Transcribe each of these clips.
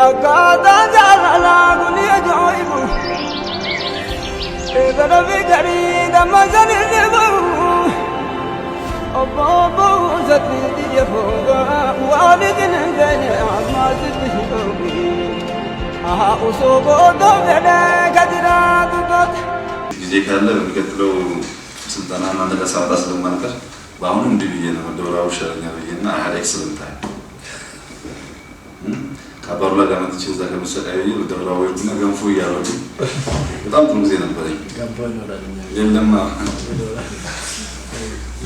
أقاد زعلان يدعو إذا في قريد مزل النبو أبابو زتيدي يفوق والد ندني عما زتشوقي أها أصوبو دوبنا قدرا دوبت ጊዜ ካለ በሚቀጥለው ስልጠና እና ለሰዓት ስለማንቀር በአሁኑ እንዲህ ብዬ ነው ደብራዊ ሸረኛ ብዬና ሀዳይ ስልምታ አባሩ ላይ ዳመጥቼ እዛ ከመሰቃየ ደብረ ወርቅና ገንፎ እያረጉ በጣም ጥሩ ጊዜ ነበረኝ። የለማ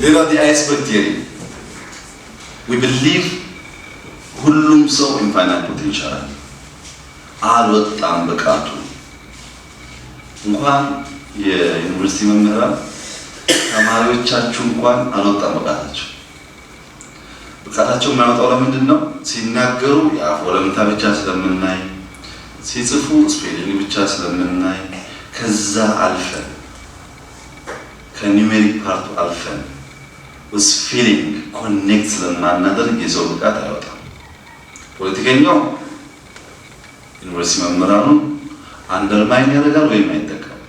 ሌላ ዲ አይስበርግ ቲዮሪ ዊ ቢሊቭ ሁሉም ሰው ኢንፋይናይት ፖቴንሻል አለ። አልወጣም ብቃቱ እንኳን የዩኒቨርሲቲ መምህራን ተማሪዎቻችሁ እንኳን አልወጣም ብቃታችሁ ጣታቸው የማያወጣው ለምንድን ነው? ሲናገሩ የአፍ ወለምታ ብቻ ስለምናይ፣ ሲጽፉ ስፔሊንግ ብቻ ስለምናይ፣ ከዛ አልፈን ከኒሜሪክ ፓርቱ አልፈን ውስ ፊሊንግ ኮኔክት ስለማናደርግ የሰው ብቃት አይወጣም። ፖለቲከኛው ዩኒቨርሲቲ መምህራኑን አንደርማይን ያደርጋል ወይም አይጠቀም።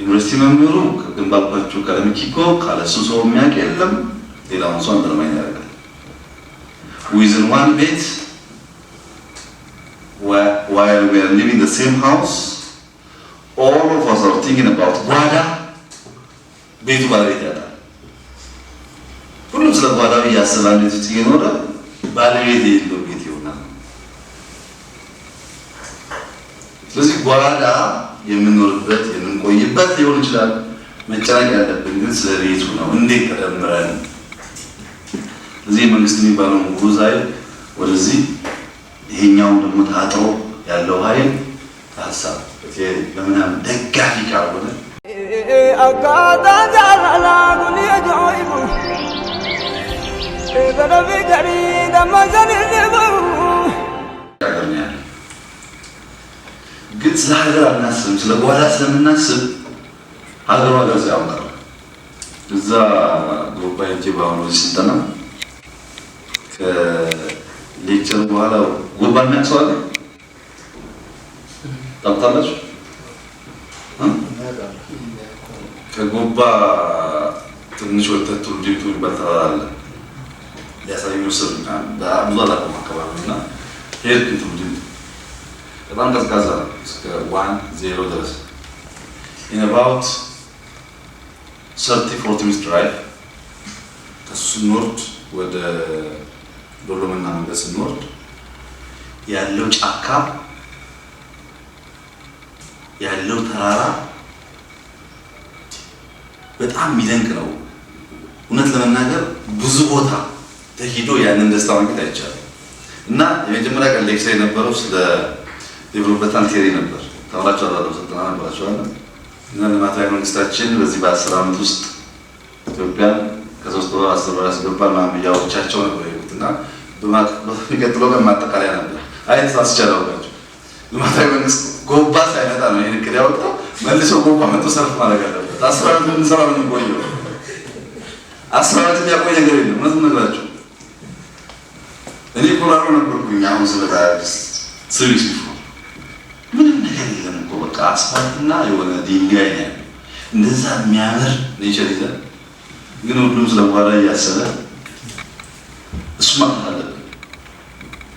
ዩኒቨርሲቲ መምህሩ ከግንባባችሁ ከለምኪኮ ካለሱ ሰው የሚያውቅ የለም። ሌላውን ሰው አንደርማይን ያደርጋል። within one bed while we are living the same house, all of us are thinking about ጓዳ ቤቱ ባለቤት ያጣል። ሁሉም ስለ ጓዳው እያሰበ ቤት ውስጥ እየኖረ ባለቤት የሌለው ቤት ይሆናል። ስለዚህ ጓዳ የምንኖርበት የምንቆይበት ሊሆን ይችላል። መጨነቅ ያለብን ግን ስለ ቤቱ ነው። እንዴት ተደምረን እዚህ መንግስት የሚባለው ጉዝ ኃይል ወደዚህ ይሄኛው ደግሞ ታጥሮ ያለው ኃይል ታሳብ በምናምን ደጋፊ ካልሆነ ግን ስለ ሀገር አናስብም፣ ስለ በኋላ ስለምናስብ ሀገሯ ገዛ ያውቃል። እዛ ጉባኤ በአሁኑ ስልጠና ከሌክቸር በኋላ ጉንፋን የሚያቅሰዋል ታብታላችሁ። ከጎባ ትንሽ ወተት ትውልድ የሚባል ሊያሳዩ ስር ብዙ አላውቅም አካባቢ እና ሄድኩ። ትውልድ በጣም ቀዝቃዛ ነው እስከ ዋን ዜሮ ድረስ ኢን አባውት ሰርቲ ፎርቲ ሚኒት ድራይቭ ከሱ ኖርድ ወደ ዶሎምና መንገድ ስንወርድ ያለው ጫካ ያለው ተራራ በጣም የሚደንቅ ነው። እውነት ለመናገር ብዙ ቦታ ተሂዶ ያንን ደስታ ማግኘት አይቻልም። እና የመጀመሪያ ቀን ሌክቸር የነበረው ስለ ዴቨሎፕመንታል ቴሪ ነበር። ተምራቸው አዛለ ስልጠና ነበራቸዋል እና ልማታዊ መንግስታችን በዚህ በአስር ዓመት ውስጥ ኢትዮጵያን ከሶስት ወር አስር ወር ያስገባል ምናምን እያወቻቸው ነበር ይሉት እና በሚቀጥለው ቀን ማጠቃለያ ነበር። አይ ተሳስቻለሁ ልማታዊ መንግስት ጎባ ሳይመጣ ነው ይህን እቅድ ያወጣው። መልሶ ጎባ መጥቶ ሰልፍ ማድረግ አለበት። አስራ አመት አስራ አመት የሚያቆይ ነገር የለም። እውነት ነግራቸው እኔ ኮራሮ ነበርኩኝ። አሁን ስመጣ ስሪስ ምንም ነገር የለም እኮ በቃ አስፋልትና የሆነ ድንጋይ ነው ያለው። እንደዛ የሚያምር ኔቸር ይዘን ግን ሁሉም እያሰበ እሱ ማጥፋት አለበት።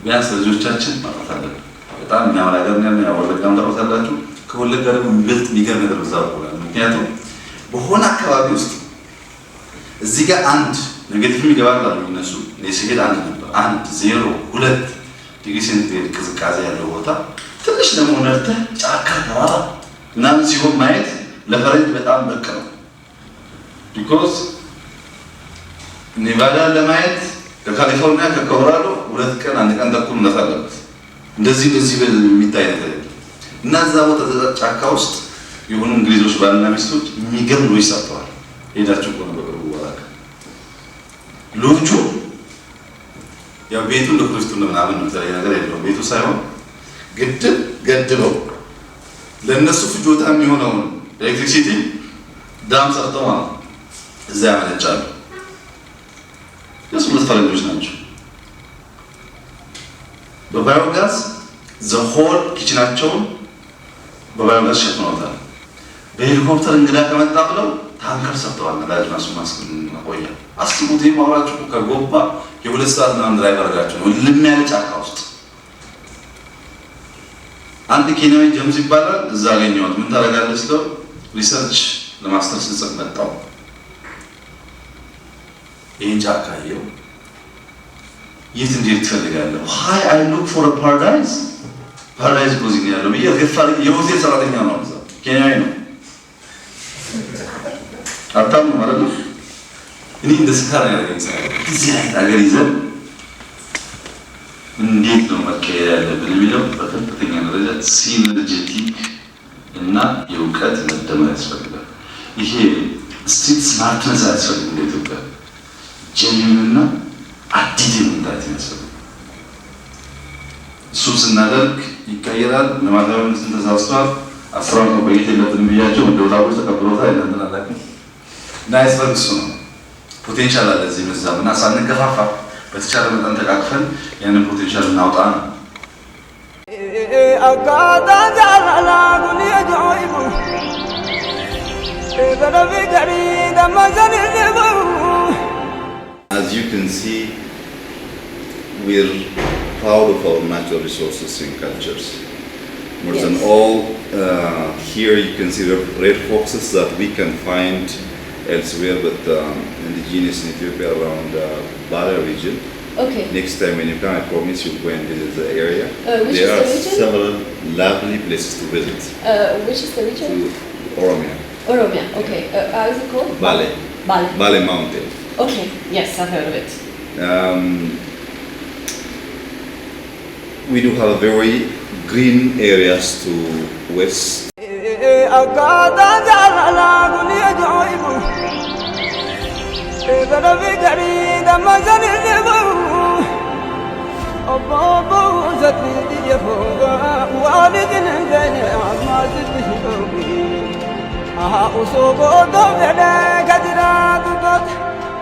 ቢያንስ ልጆቻችን ማውጣት አለን። በጣም የሚያምር ሀገር ነው ያለው። ወለጋ ታውቃላችሁ። ከወለጋ ደግሞ የሚበልጥ የሚገርም ነገር በዛ በኩል ምክንያቱም በሆነ አካባቢ ውስጥ እዚህ ጋር አንድ ኔጌቲቭ ይገባል አሉ እነሱ። እኔ ስሄድ አንድ ነበር፣ አንድ ዜሮ ሁለት ዲግሪ ሴንቲግሬድ ቅዝቃዜ ያለው ቦታ ትንሽ ደግሞ ነርተህ ጫካ ተራራ ምናምን ሲሆን ማየት ለፈረንጅ በጣም በቅ ነው። ቢኮዝ ኔቫዳን ለማየት ከካሊፎርኒያ ከኮሎራዶ ሁለት ቀን አንድ ቀን ተኩል እነት አለበት። እንደዚህ በዚህ የሚታይ ነገር እና እዛ ቦታ ጫካ ውስጥ የሆኑ እንግሊዞች ባልና ሚስቶች የሚገርም ሎጅ ሰርተዋል። ሄዳቸው ከሆነ በቅርቡ ዋላከ ሎጁ ያው ቤቱ እንደ ክርስቱ ምናምን ነው የተለያየ ነገር የለው ቤቱ ሳይሆን ግድብ ገድበው ለእነሱ ፍጆታ የሚሆነውን ኤሌክትሪክሲቲ ዳም ሰርተው ማለት እዛ ያመነጫሉ። እነሱ ሁለት ፈረንጆች ናቸው። በባዮጋዝ ዘሆል ኪችናቸውን በባዮጋዝ ሸፍነውታል። በሄሊኮፕተር እንግዳ ከመጣ ብለው ታንከር ሰጥተዋል። ነዳጅ ማስ ማቆያ አስቡት። ይህ ማውራችሁ ከጎባ የሁለት ሰዓት ምናምን ድራይቭ አድርጋችሁ ነው ልም ያለ ጫካ ውስጥ አንድ ኬንያዊ ጀምስ ይባላል። እዛ አገኘሁት። ምን ታደርጋለህ ስለው ሪሰርች ለማስተር ስጽፍ ይህን ጫካ ይኸው የት እንዴት ትፈልጋለሁ? ሀይ አይ ሉክ ፎር ፓራዳይዝ ፓራዳይዝ ኮዚግ ያለው ብዬ ገፋ የሆቴል ሰራተኛ ነው። ዛ ኬንያዊ ነው። አታም ነው ማለት ነው። እኔ እንደ ስካር ያደረገኝ ሰ እዚህ አይነት ሀገር ይዘን እንዴት ነው መካሄድ ያለብን የሚለው በከፍተኛ ደረጃ ሲነርጀቲክ እና የእውቀት መደመር ያስፈልጋል። ይሄ ስትሪት ስማርትነስ አያስፈልግም ለኢትዮጵያ ጀኒንና አዲስ የመምጣት ይመስላል። እሱ ስናደርግ ይቀየራል። ለማድረግ መንግስትን ተሳስቷል። አስራ መቆየት የለብንም ብያቸው እንደ ወጣቦች ተቀብሎታ የለምን አላቅ እና ያስበግ እሱ ነው። ፖቴንሻል አለ እዚህ በዛም እና ሳንገፋፋ በተቻለ መጠን ተቃቅፈን ያንን ፖቴንሻል እናውጣ ነው። ገሪ አቃጣዛላሉን የጆ As you can see, we're proud of our natural resources and cultures. More yes. than all, uh, here you can see the red foxes that we can find elsewhere, but um, indigenous in Ethiopia around uh, Bala region. Okay. Next time when you come, I promise you'll go and visit the area. Uh, there are the several lovely places to visit. Uh, which is the region? To Oromia. Oromia, okay. Uh, how is it called? Bale. Bale. Bale Mountain. Okay, yes, I've heard of it. Um, we do have very green areas to west.